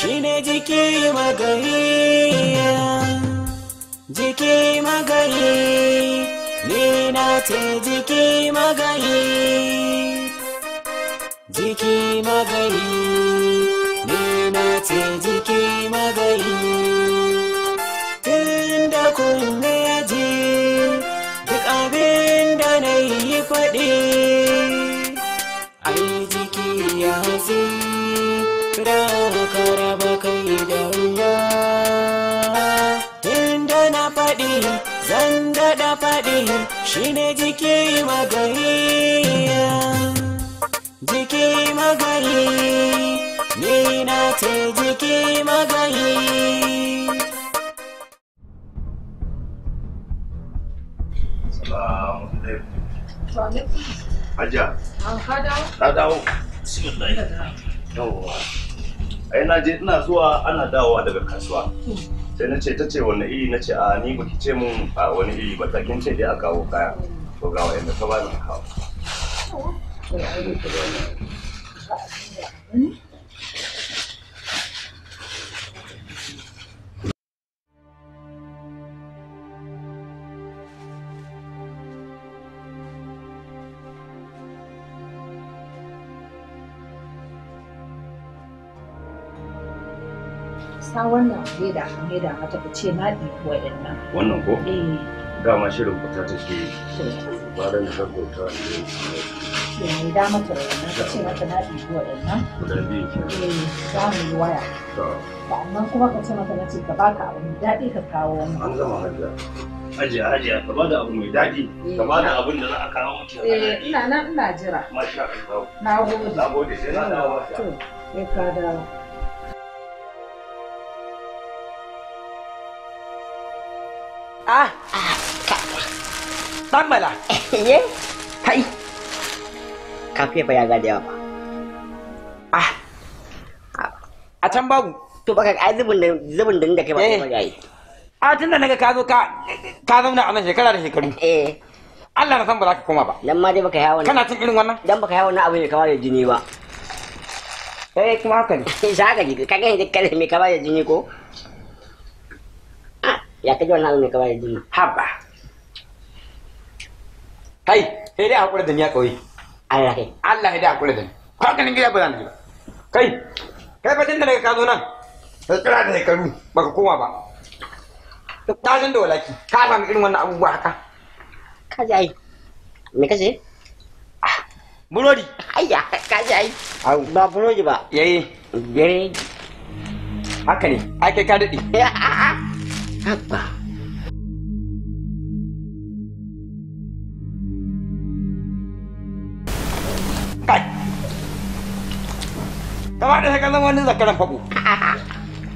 shine jiki magari jiki magari ni na ce jiki magari jiki magari shine ne jiki magari jiki magari ni na ce jiki magari Salamu alaikum. Hajiya. An dawo. Bismillah. Yawwa. Ai na je ina zuwa ana dawowa daga kasuwa. Hmm. sai na ce ta ce wani iri na ce a ni baki ce mun a wani iri ba takin ce dai a kawo kaya to ga wa'anda ka bani kawo leda leda mata ta ce na Wannan ko? Eh. Dama shirin fita take yi. Ba da na gaggauta ne. da mata waɗannan ta ce mata na ɗibi waɗannan. Guda biyu ke. Eh za mu yi waya. Sannan kuma ka ce mata na ce ka baka abu mai daɗi ka kawo. An gama hajiya. ajiya ajiya ka bada abu mai daɗi eh. ka bada abin da za a kawo miki eh ina nan ina jira masha Allah na gode na sai na dawo to sai ka dawo Ah. Ah. Dan mala. Eh, ye. Kai. Kafe A can babu. To baka ai zubin da zubin da inda kai ba kuma yayi. A tunda naga ka zo ka ka da shekaru. Eh. Allah na san ba za ka koma ba. Dan ma dai baka yawo. Kana cin irin wannan? Dan baka na abu ne kawai da jini ba. Eh kuma haka ne. Za ka ji ka ga ne kare me kawai da jini ko? ya kaji wannan abin ya kama da jini haba kai sai dai hakura da ni a kawai ayyar kai Allah sai dai hakura da ni kwakanin gida ba za ni kai kai fatin da daga ka zo nan sai kira da shekaru baka koma ba ta zan da walaki ka samu irin wannan abubuwa haka ka ji ai me kace burodi ayya ka ji ai ba burodi ba yayi yayi haka ne ai kai ka ha. Abba. Kai. da ka zama wani zakaran fago.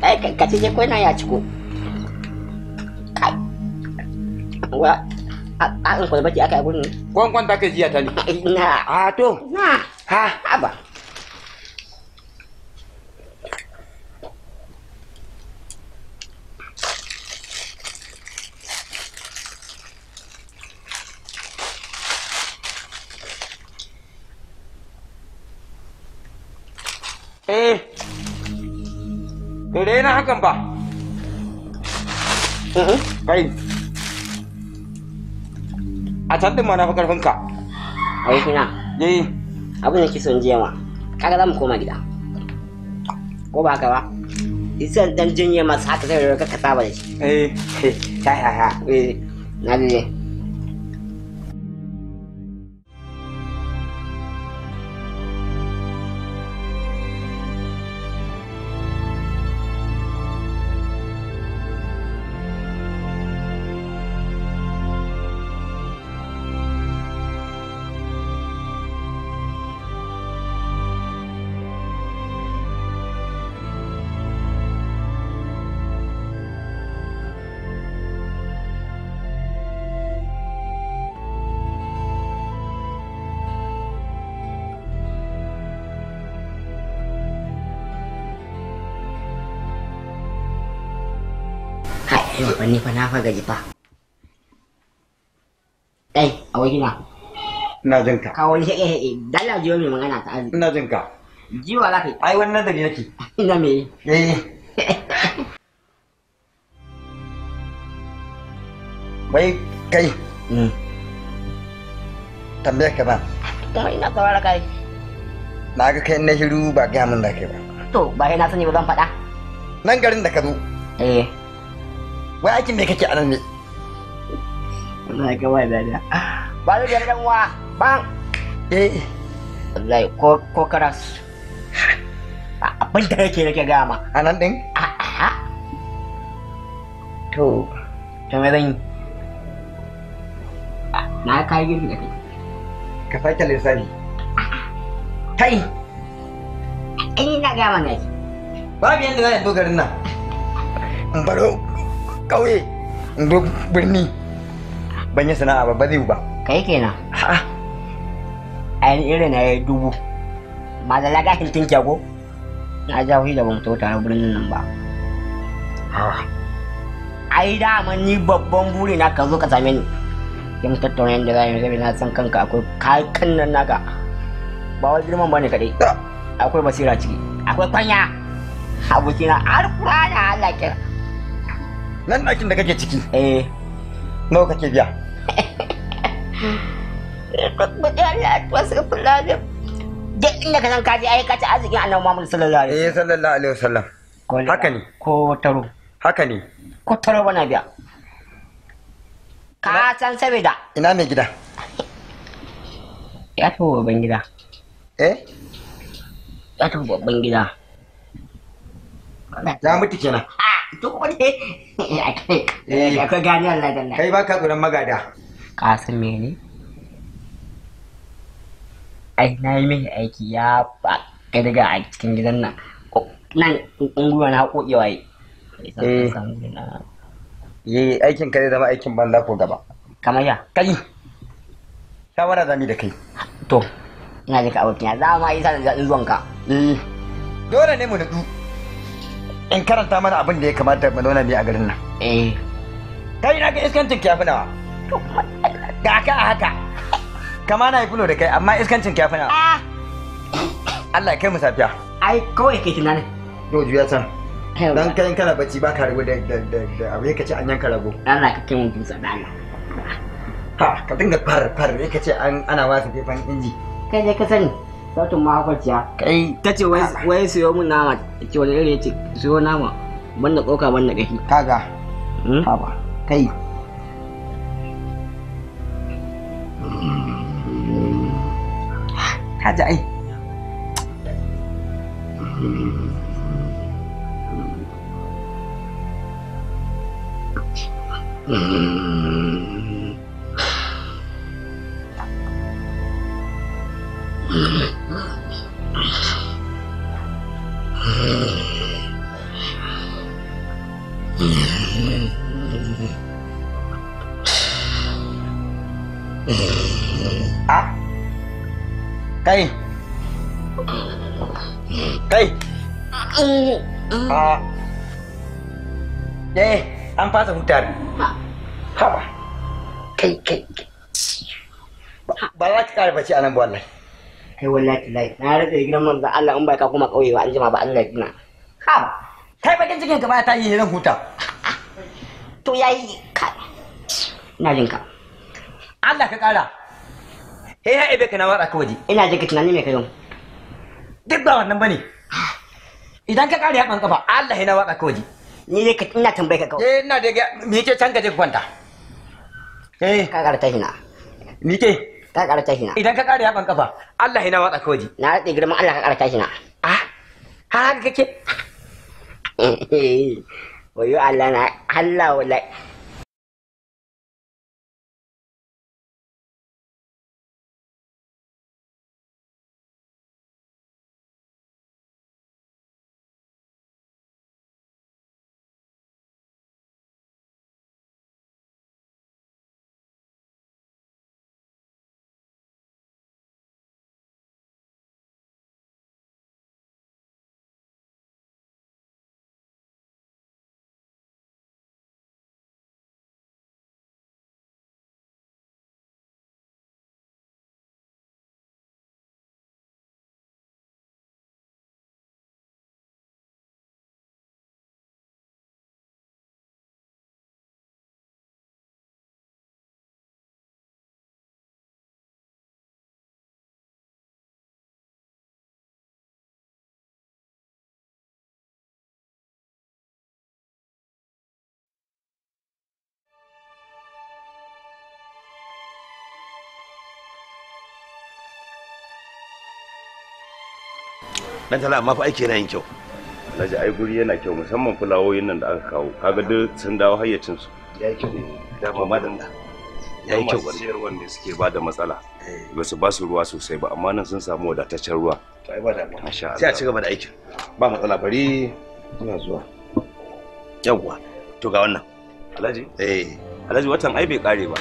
Kai kai ka cije na ya ciko. Kai. Wa a an kwalbaki aka yi gurin. ta kai jiya ta Na. A Ha. eh bai na hakan ba kai a can ma na fi karfinka ai kina eh abin da kisan jiya ma kaga za mu koma gida ko ba haka ba isan dan jinya masu haka zai ka saba da shi eh ta ha eh. ne yau fa ni na a jin ka kawo ni eh dalla jiwa mai magana ta arziki jin ka jiwa za ka yi ai wannan da nake ina me eh bai kai hmm. tambaya ka ba to kai na ba mun da ba ba nan garin eh wai aikin me kake anan ne Allah ya kawai da da ba da dan wa ban eh Allah ya ko ko karas abin da yake nake ga ma anan din to to me zan yi na kai gidi da kai ka sake lissani kai ai na ga ma ne babu yanda zan yi dogarin nan baro ƙauye in birni ban yi sana'a ba ba zai ba kai kenan ha a irin na dubu ba da lagashin tinke ko na ja da ban to tare birnin nan ba ai dama ni babban buri na ka zo ka same ni ya mu tattauna yadda za mu zabi na san kanka akwai kakan nan naka ba wai girman bane kadai ah. akwai basira ciki akwai kwanya abokina har kura da Allah kira nan ɗakin da kake ciki eh nawa kake biya wasu fulani duk inda ka san ka je ai ka ci arzikin annabi Muhammad sallallahu alaihi wasallam eh sallallahu alaihi wasallam haka ne ko taro haka ne ko taro bana biya ka san saboda ina mai gida ya tafi babban gida eh ya tafi babban gida ya mutu kenan ah, dole eh, akwai gani Allah da Allah kai baka tsoron magada kasin mene ai na yi mai aiki ya ba daga a cikin gidan nan nan unguwa na kokewa yi eh. yi aikin ka zai zama aikin banza ko gaba kamar ya kai shawara zami da kai to ina jin ka abokin ya za ma yi sa da zuwanka eh. dole ne mu nutsu in karanta mana abin da ya kamata mu nuna mai a garin nan eh kai na ga iskancin kyafi nawa ga ka a haka kama na yi fulo da kai amma iskancin kyafi ah. Allah kai mu safiya ai kawai kai tunanin to juya can dan kai kana bacci ba ka rago da da da abin ka ce an yanka rago Allah ka kai mu dutsa da Allah ha ka dinga far far ka ce an ana wasa fefan inji kai ne ka sani ta ma mahaukaciya kai ta ce wai siyo mun nama ta ce wani iri ya ce siyo nama banda tsoka banda gashi kaga hmm? haba kai kaji ai Mm-hmm. Ah. Kai. Kai. Ah. Eh, apa tuh hutan? Apa? Kai, kai, kai. Balak kali baca anak buat lagi. kai wallahi lai na rage gidan manzo Allah in ba ka kuma kauye ba an jima ba Allah gina ha kai bakin cikin ka ba ta yi ran huta to yayi ka na jin ka Allah ka kara he ha ibe ka na wara ka waje ina jin ka tunani me kai yau duk ba wannan bane idan ka kare kan kafa Allah ya na waka ka waje ni dai ka ina tambaye ka kawai eh ina da me yake can ka je ka kwanta eh ka kara ta hina ni ke ka ƙara tashi na idan ka kare yaban kafa Allah ya watsa koji na rade girman Allah ka ƙara tashi na ah har haka kake wayo Allah na Allah wallahi dan tala amma fa aiki yana yin kyau alhaji ai guri yana kyau musamman fulawoyin nan da aka kawo kaga duk sun dawo hayyacin su yayi kyau da ba Ya yayi kyau wani siyar wanda suke ba da matsala eh. ba su ba su ruwa sosai ba amma nan sun samu wadataccen ruwa to ai ba da masha Allah sai a ci gaba da aikin ba matsala bari ina zuwa yawwa to ga wannan alhaji eh alhaji watan ai bai kare ba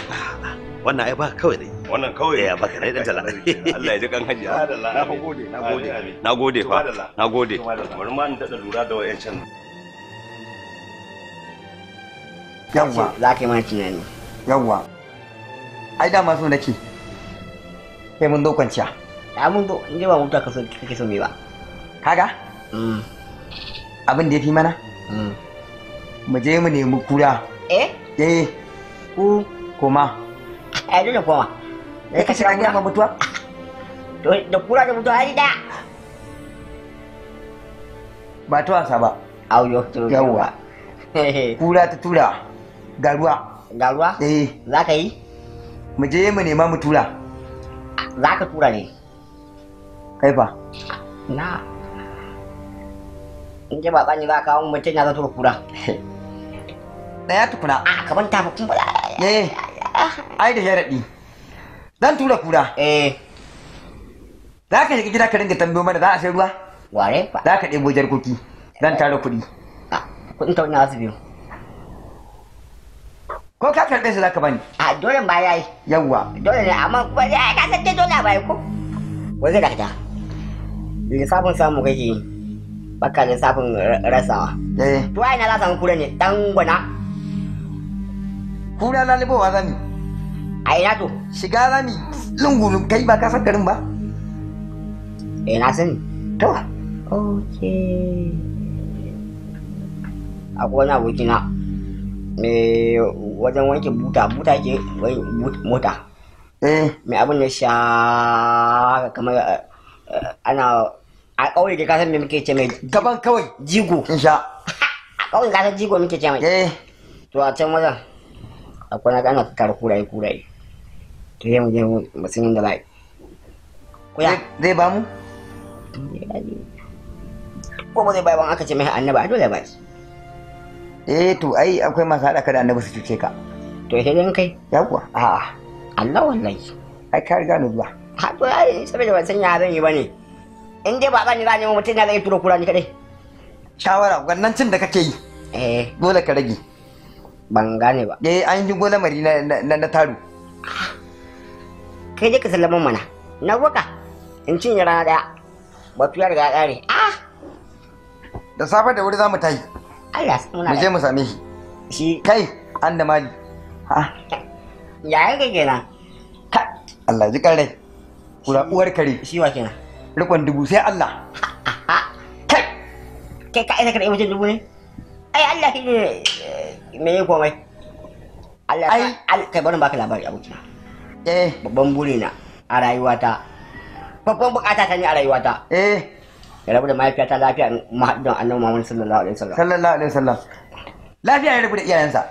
wannan ai ba kawai dai wannan kawai ya baka rai dan tala Allah ya ji kan haji na gode na gode na gode fa na gode bari ma in dada lura da wayan can yawa za ka yi ma mana tunani yawa ai da ma so nake kai mun zo ciya ya mun do in je ba wuta so kake so me ba kaga mm. abin da ya fi mana mm. mu je mu nemi kura eh eh ku koma ai dole koma ya eh, a rago ma mutuwa da kura da mutuwa hari da ba ta wasa ba auyo yawwa kura ta tura ga ruwa za ka yi mu je mu nema mu tura za ka tura ne kai na in ji ba tsani za ka kawo mutum ya za tura kura ɗaya tukuna a kaman tafi kuma ai da dan tura kura eh za ka shiga gida ka ringa tambayo mana za a sai ruwa ware fa za ka ɗebo jarkoki dan tara kuɗi ah, kuɗi ta wani wasu biyu ko ka karɓe su za ka bani a ah, dole ba yayi yawwa dole ne amma kuma ya ka san dole ba ko wai zai dakata lissafin samu kake yi baka lissafin rasawa eh. to ai na za samu kura ne dan gwana kura lalibowa zani a ina to shiga za mu lungu kai ba ka san garin ba eh na sani to okay akwai wani aboki na me wajen wanke buta buta ke wai mota eh me abin da sha kamar eh, eh, ana a kauye ke kasan me muke ce mai gaban kawai jigo in sha a kauye kasan jigo muke ce mai eh to a can wajen akwai na kana karkurai kurai to yi mu je mu san inda kuya zai ba mu ko ba zai bayan aka ce mai annaba a dole ba shi eh to ai akwai masu hada ka da annabi su cuce ka to sai dai kai ya kuwa a'a Allah wallahi ai ka riga ni zuwa ha to ai saboda ban san ya zan yi bane in dai baba ni zan yi mutum na zai turo kura ni kadai shawara wannan cin da kake yi eh dole ka rage ban gane ba eh an yi gola mari na na taru kai dai ka sallaman mana na waka in cinye rana daya ya gaɗa ne a ah! da safe da wuri za mu tayi Allah muna mu je mu same shi shi kai an da mali ha ya kenan Allah ji kare kura uwar kare shi wa kenan rikon dubu sai Allah kai kai ka ina ka mutum dubu ne ai Allah shi ne eh, komai Allah kai bari baka labari abokina eh babban burina a rayuwata babban bukata ta ne a rayuwata eh ya rabu da mahaifiyata lafiya mu haɗu don annabi Muhammad sallallahu alaihi wasallam sallallahu alaihi wasallam lafiya ya rabu da iyayensa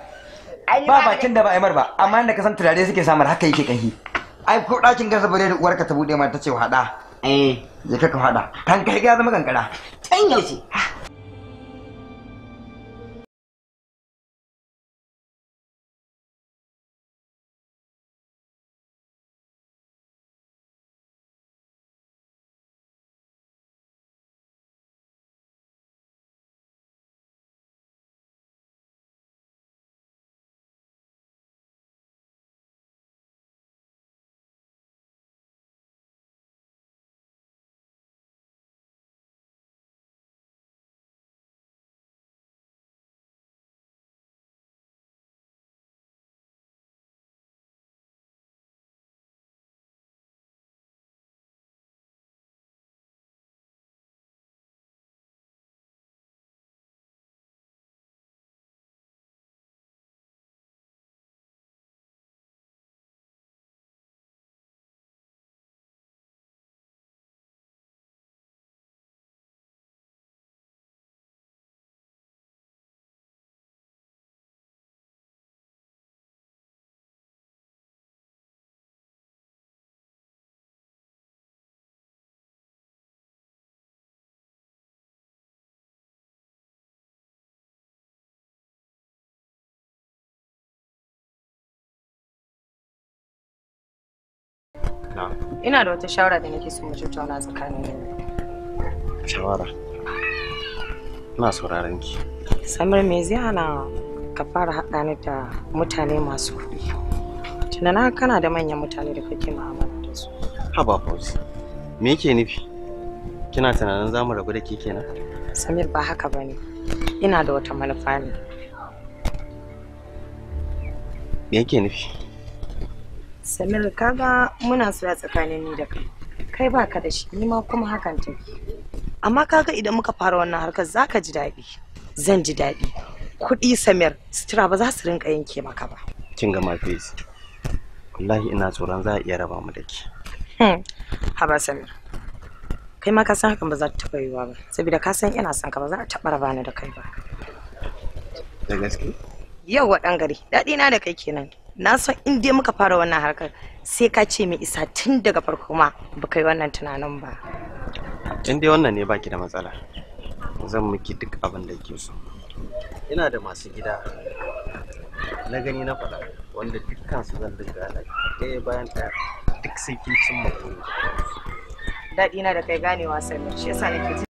ba bakin da ba aimar ba amma inda ka san turare suke samar haka yake kahi ai ko ɗakin gasa bare da uwarka ta bude ma ta ce wa haɗa eh ya ka haɗa kan kai ga zama kankara can yaushe ah. Ina da wata shawara da nake so mu tattauna tsakanin mu. Shawara. Ina sauraron ki. Samir me zai hana ka fara hada ni da mutane masu kuɗi. Tunana kana da manyan mutane da kake mu'amala da su. Haba Fauzi. Me yake nufi? Kina tunanin za mu rabu da ke kenan? Samir ba haka ba ne. Ina da wata manufa ne. Me yake nufi? samir kaga muna sura tsakanin ni da kai kai baka da shi ni ma kuma hakan take amma kaga idan muka fara wannan harkar zaka ji daɗi zan ji daɗi kuɗi samir sutura ba za su rinka yanke maka ba kin ga mafis wallahi ina tsoron za a iya raba mu da ke hmm. haba samir kai ma ka san hakan ba za ta taɓa yiwuwa ba saboda ka san ina son ka ba za a taɓa raba ni da kai ba da gaske yau wa ɗan gari daɗi na da kai kenan na san in dai muka fara wannan harkar sai ka ce mai isa tun daga farko ma baka kai wannan tunanin ba in dai wannan ne baki da matsala zan miki duk abin da ke so ina da masu gida na gani na faɗa wanda dukkan su zan dinga da ɗaya bayan ɗaya duk sai kin cimma daɗi na da kai ganewa sannan shi yasa nake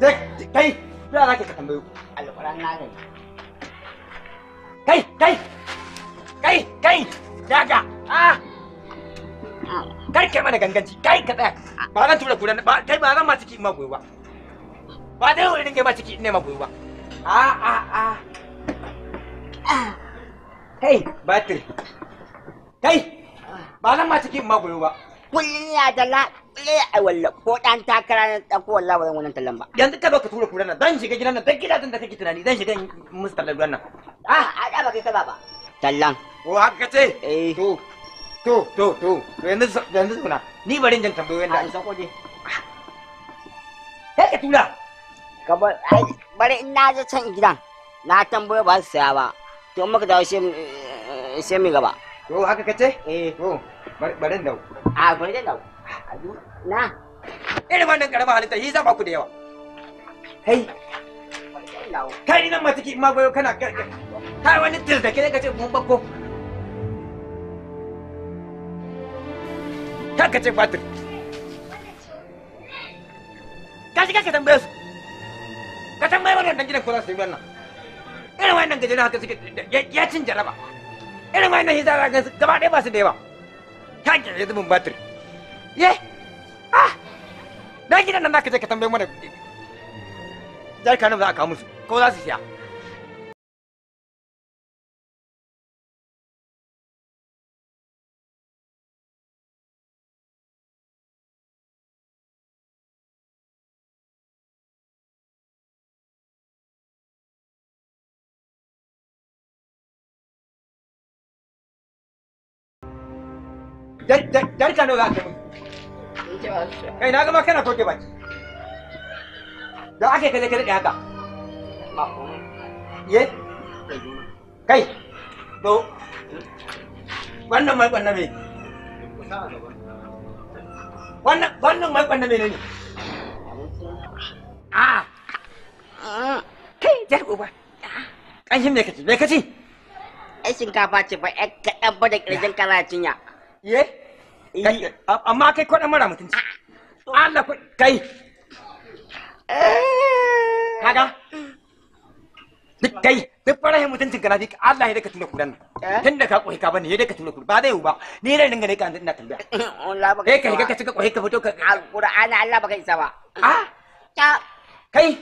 kai kai kai daga ah kar mana ganganci kai ka tsaya ba zan ba kai ba zan ma ma goyi ba ba dai ne ya da ɗaya a wallan ko ɗan takara na ɗan ko wallah ba zan wannan tallan ba. Yanzu ka zo ka tura kuran nan zan shiga gidan nan duk gidajen da kake tunani zan shiga musu tallan gidan nan. Ah a da ba kai kaza ba. Tallan. Ko oh, haka ka ce? Eh. To to to to yanzu yanzu suna ni bari jin tambayoyin da ah, an sako je. Kai ka tura. Ka bari in na je can gidan na tambayo ba su saya ba. To in muka dawo sai mu eh, eh, gaba. To haka kace? Eh. To barin dau. A barin dau. Na. Irin wannan karamar halitta yi zaba ku da yawa. Kai. Kai nan ma take ma goyo kana kai wani tir da kai kace mun bakko. Ka kace fatir. Ka shiga ka tambaye su. Ka tambaye wannan dan gidan ko za su yi wannan. Irin wannan gajeren haka suke ya cin jaraba. irin wannan hita zara ka gaba ɗaya ba su da yawa ta ke ya zubin batir ye ah na gidan nan za ka je ka tambayi mana jarka nan za a kawo musu ko za su siya jarka nawa za ka mun kai na gama kana toke baki da ake kaje kaje da haka e? ye kai to wannan mai kwanna me wannan wannan mai kwanna me ne a kai jarko ba kanshin me kace me kace ai shinkafa ce ba ƴan kaɗan ba da ƙirjin kana cinya ye eh. amma kai kwaɗan mara mutunci Allah kai eh. kaga duk kai duk farahin mutuncin kana fika Allah ya daka tuna kudan eh? tun da ka kohi ka bane ya daka tuna kudan ba zai yiwu ba ni ne dinga ne ka ina tambaya Allah ba kai kai ka cika kohi ka fito ka alqur'ani Allah ba kai isa ba a ah? ta kai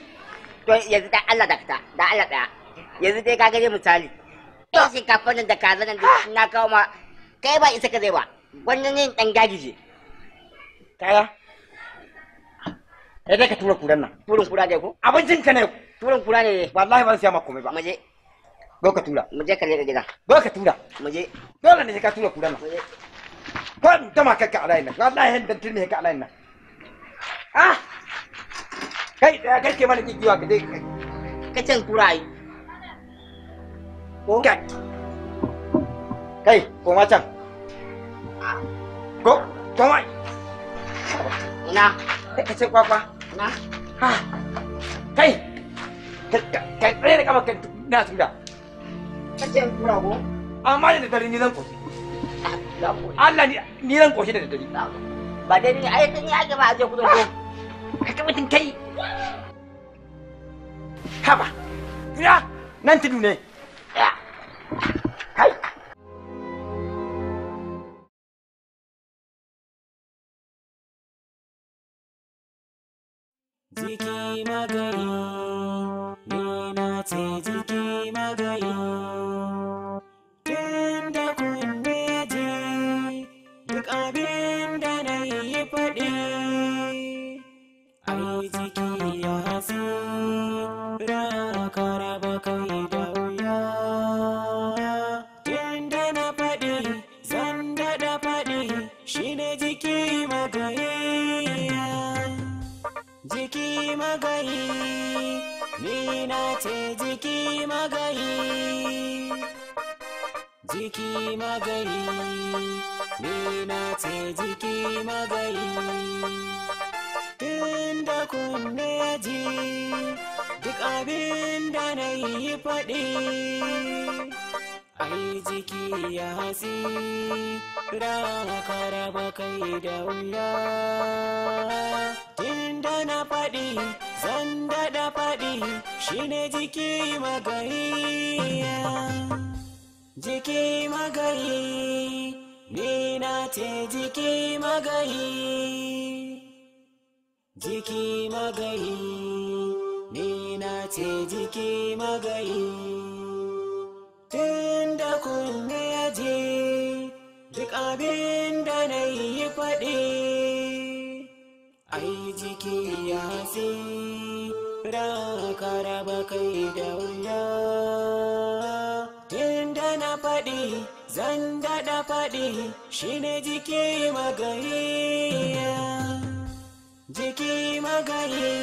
to yanzu da Allah da fita da Allah da yanzu dai ka gare misali ɗan shinkafa nan da kaza nan ah! na kawo ma kai ba isa ka zai ba wannan ne dan gagije kaya kai ka tura kuran nan turin kura ne ko abincin ka ne turin kura ne wallahi ban siya ma komai ba maje. go ka tura maje ka leka gida go ka tura maje. dole ne ka tura kuran nan muje kan ta ma ka ka nan wallahi hin dan tilmi ka alai nan ah kai eh, kai ke mana wa ka dai kacin kura yi ko kai koma can ko koma ina cái ka ce kwakwa na kai cái cái cái kama cái na cái cái cái cái cái da cái cái cái cái Allah ni zan koshi da dare ba dai ni ai ni ba aje kudin ko ka ka mutun kai haba ina nan tudu ne Para nasi ranka raba kai da wuya tinda na faɗi zan daɗa faɗi shine jiki magayi jiki magayi ni na ce jiki magayi jiki magayi ni na ce jiki magayi tinda kunne duk abin da na yi faɗi ai jiki ya si ranka raba kai da wuya tun da na faɗi zan daɗa faɗi shine jiki magariya jiki magari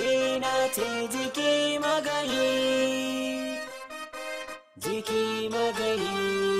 ni na ce jiki magari jiki magari